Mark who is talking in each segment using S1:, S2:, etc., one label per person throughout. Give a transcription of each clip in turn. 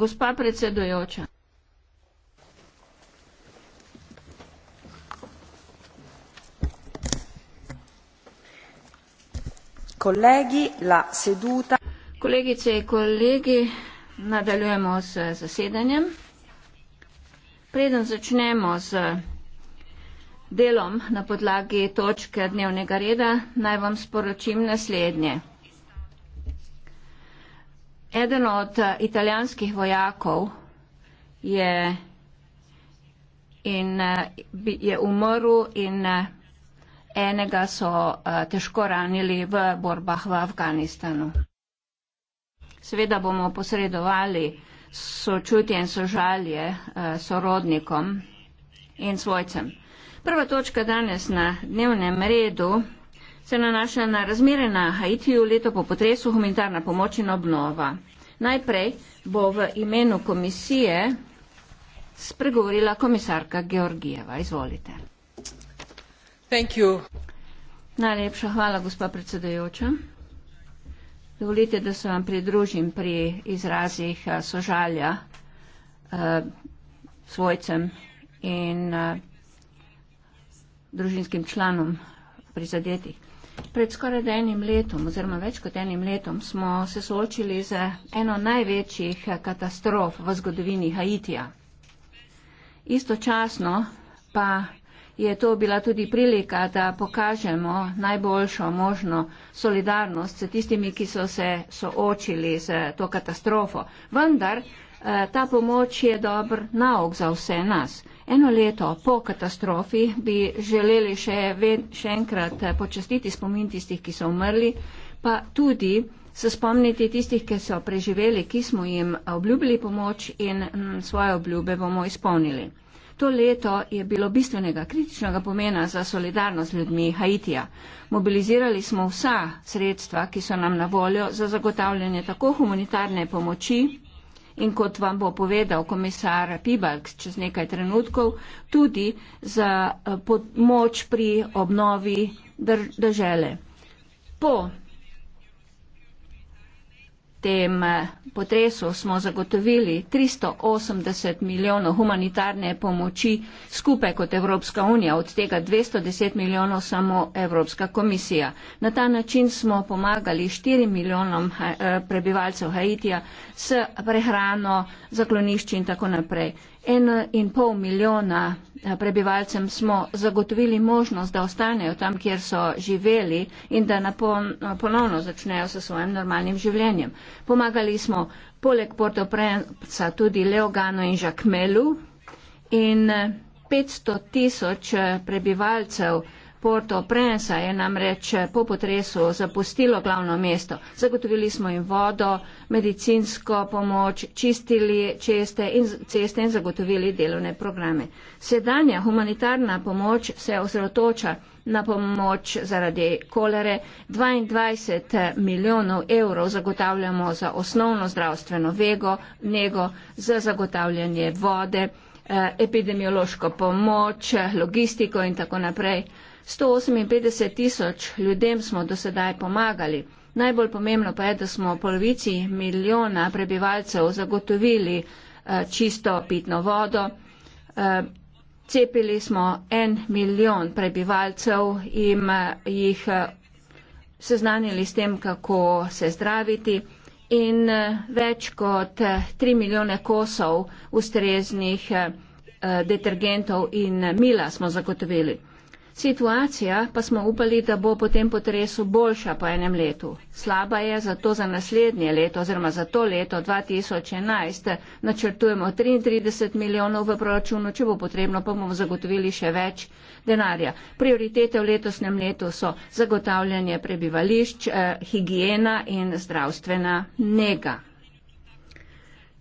S1: Gospa predsedujoča. Kolegi, la seduta. Kolegice in kolegi, nadaljujemo s zasedanjem. Preden začnemo z delom na podlagi točke dnevnega reda, naj vam sporočim naslednje eden od eh, italijanskih vojakov je in eh, je umrl in eh, enega so težko ranili v borbah v Afganistanu. Seveda bomo posredovali sočutje in sožalje sorodnikom in svojcem. Prva točka danes na dnevnem redu se nanaša na razmere na Haitiju leto po potresu, humanitarna pomoč in obnova. Najprej bo v imenu komisije spregovorila komisarka Georgijeva. Izvolite. You. Najlepša hvala, gospa predsedajoča. Dovolite, da se vam pridružim pri izrazih eh, sožalja eh, svojcem in eh, družinskim članom prizadetih. Pred skoraj enim letom, oziroma več kot enim letom, smo se soočili z eno največjih katastrof v zgodovini Haitija. Istočasno pa je to bila tudi prilika, da pokažemo najboljšo možno solidarnost s tistimi, ki so se soočili z to katastrofo. Vendar Eh, ta pomoč je dober nauk za vse nas. Eno leto po katastrofi bi želeli še, ven, še enkrat eh, počastiti spomin tistih, ki so umrli, pa tudi se spomniti tistih, ki so preživeli, ki smo jim obljubili pomoč in m, mm, svoje obljube bomo izpolnili. To leto je bilo bistvenega kritičnega pomena za solidarnost z ljudmi Haitija. Mobilizirali smo vsa sredstva, ki so nam na voljo za zagotavljanje tako humanitarne pomoči, in kot vam bo povedal komisar Pibalks čez nekaj trenutkov, tudi za eh, pomoč pri obnovi dežele. Po tem eh, potresu smo zagotovili 380 milijonov humanitarne pomoči skupaj kot Evropska unija, od tega 210 milijonov samo Evropska komisija. Na ta način smo pomagali 4 milijonom eh, eh, prebivalcev Haitija s prehrano, zaklonišči in tako naprej. Eno in pol milijona eh, prebivalcem smo zagotovili možnost, da ostanejo tam, kjer so živeli in da napon, ponovno začnejo s svojim normalnim življenjem. Pomagali smo poleg Portoprenca tudi Leoganu in Žakmelu in 500 eh, tisoč eh, prebivalcev Porto Prensa je namreč po potresu zapustilo glavno mesto. Zagotovili smo jim vodo, medicinsko pomoč, čistili ceste in, ceste in zagotovili delovne programe. Sedanja humanitarna pomoč se osredotoča na pomoč zaradi kolere. 22 milijonov evrov zagotavljamo za osnovno zdravstveno vego, nego za zagotavljanje vode, eh, epidemiološko pomoč, logistiko in tako naprej. 158 tisoč ljudem smo do sedaj pomagali. Najbolj pomembno pa je, da smo polovici milijona prebivalcev zagotovili eh, čisto pitno vodo. Eh, cepili smo en milijon prebivalcev in eh, jih eh, seznanili s tem, kako se zdraviti in eh, več kot eh, 3 milijone kosov ustreznih eh, eh, detergentov in mila smo zagotovili. Situacija pa smo upali, da bo po tem potresu boljša po enem letu. Slaba je zato za naslednje leto oziroma za to leto 2011. Načrtujemo 33 milijonov v proračunu, če bo potrebno, pa bomo zagotovili še več denarja. Prioritete v letosnem letu so zagotavljanje prebivališč, eh, higiena in zdravstvena nega.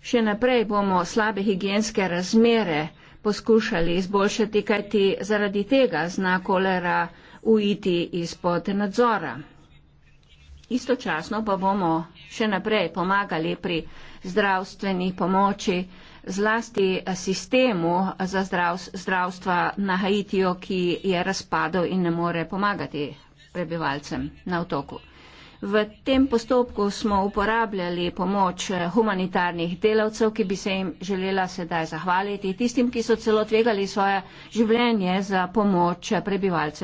S1: Še naprej bomo slabe higijenske razmere poskušali izboljšati, kajti zaradi tega zna kolera uiti izpod nadzora. Istočasno pa bomo še naprej pomagali pri zdravstveni pomoči zlasti sistemu za zdravstva na Haitiju, ki je razpadel in ne more pomagati prebivalcem na otoku. V tem postopku smo uporabljali pomoč eh, humanitarnih delavcev, ki bi se jim želela sedaj zahvaliti, tistim, ki so celo tvegali svoje življenje za pomoč eh, prebivalcev.